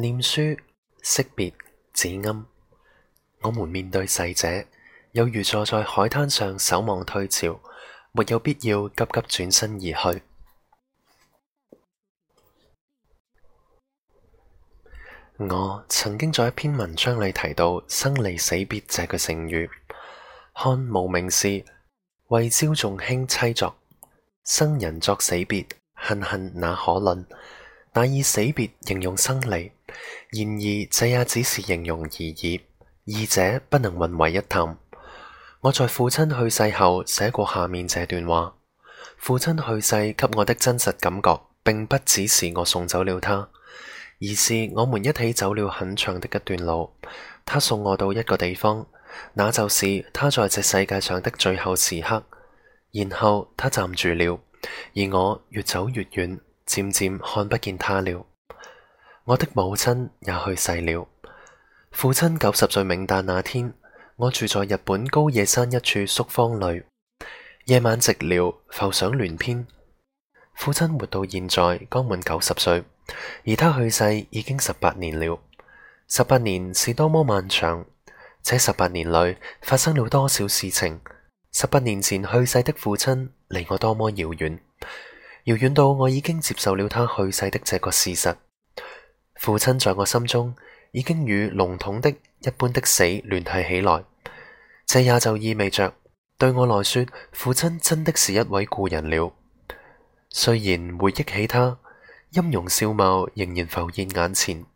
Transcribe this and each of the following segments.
念書、試錄、指音，我們面對逝者，有如坐在海灘上守望退潮，沒有必要急急轉身而去。我曾經在一篇文章裏提到生離死別這句成語，漢無名氏為焦仲卿妻作，生人作死別，恨恨那可論，那以死別形容生離。然而，這也只是形容而已，二者不能混為一談。我在父親去世後寫過下面這段話：父親去世給我的真實感覺，並不只是我送走了他，而是我們一起走了很長的一段路，他送我到一個地方，那就是他在這世界上的最後時刻。然後他站住了，而我越走越遠，漸漸看不見他了。我的母親也去世了。父親九十歲冥誕那天，我住在日本高野山一處宿坊裏。夜晚寂寥，浮想聯翩。父親活到現在，剛滿九十歲，而他去世已經十八年了。十八年是多麼漫長！這十八年裏發生了多少事情？十八年前去世的父親，離我多麼遙遠，遙遠到我已經接受了他去世的這個事實。父親在我心中已經與籠統的一般的死聯繫起來，這也就意味着對我來說，父親真的是一位故人了。雖然回憶起他，音容笑貌仍然浮現眼前。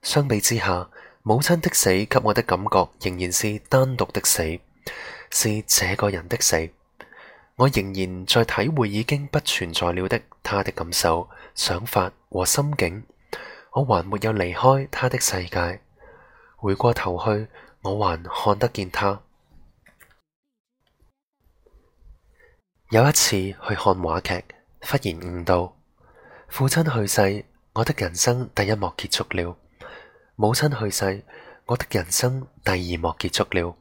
相比之下，母親的死給我的感覺仍然是單獨的死，是這個人的死。我仍然在體會已經不存在了的他的感受、想法和心境。我還沒有離開他的世界，回過頭去，我還看得見他。有一次去看話劇，忽然悟到：父親去世，我的人生第一幕結束了；母親去世，我的人生第二幕結束了。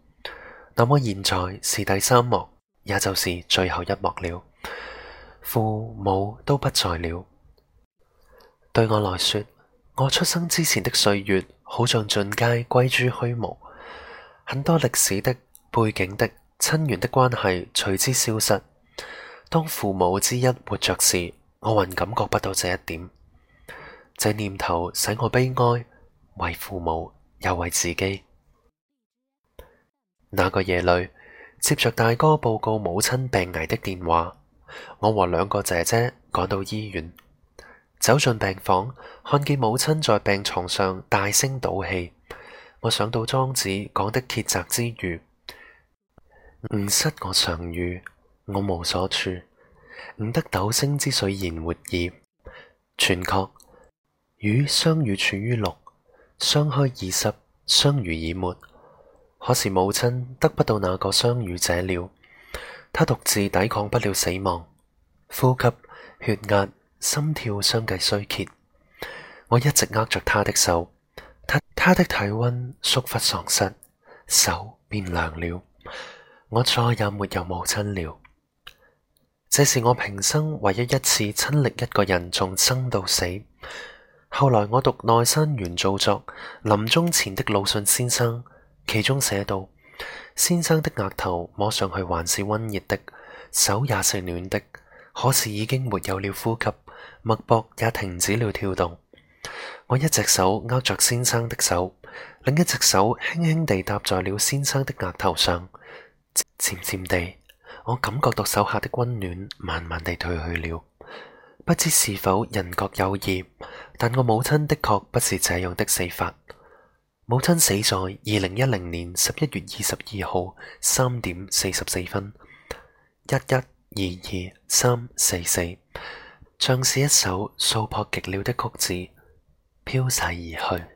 那麼現在是第三幕，也就是最後一幕了。父母都不在了，對我來說。我出生之前的歲月，好像盡皆歸諸虛無，很多歷史的背景的親緣的關係隨之消失。當父母之一活着時，我還感覺不到這一點。這念頭使我悲哀，為父母，又為自己。那個夜裏，接着大哥報告母親病危的電話，我和兩個姐姐趕到醫院。走進病房，看見母親在病床上大聲倒氣。我想到莊子講的《涸轍之魚》，吾失我常與，我無所處；吾得斗升之水然活矣。泉涸，魚相與處於陸，相呴以濕，相濡以沫。可是母親得不到那個相與者了，她獨自抵抗不了死亡，呼吸、血壓、心跳相繼衰竭，我一直握着他的手，他的體溫縮忽喪失，手變涼了，我再也沒有母親了。這是我平生唯一一次親歷一個人從生到死。後來我讀內山原造作臨終前的魯迅先生，其中寫道：先生的額頭摸上去還是溫熱的，手也是暖的。可是已經沒有了呼吸，脈搏也停止了跳動。我一隻手握着先生的手，另一隻手輕輕地搭在了先生的額頭上。漸漸地，我感覺到手下的温暖慢慢地退去了。不知是否人各有異，但我母親的確不是這樣的死法。母親死在二零一零年十一月二十二號三點四十四分。一一。二二三四四，像是一首素樸極了的曲子，飄逝而去。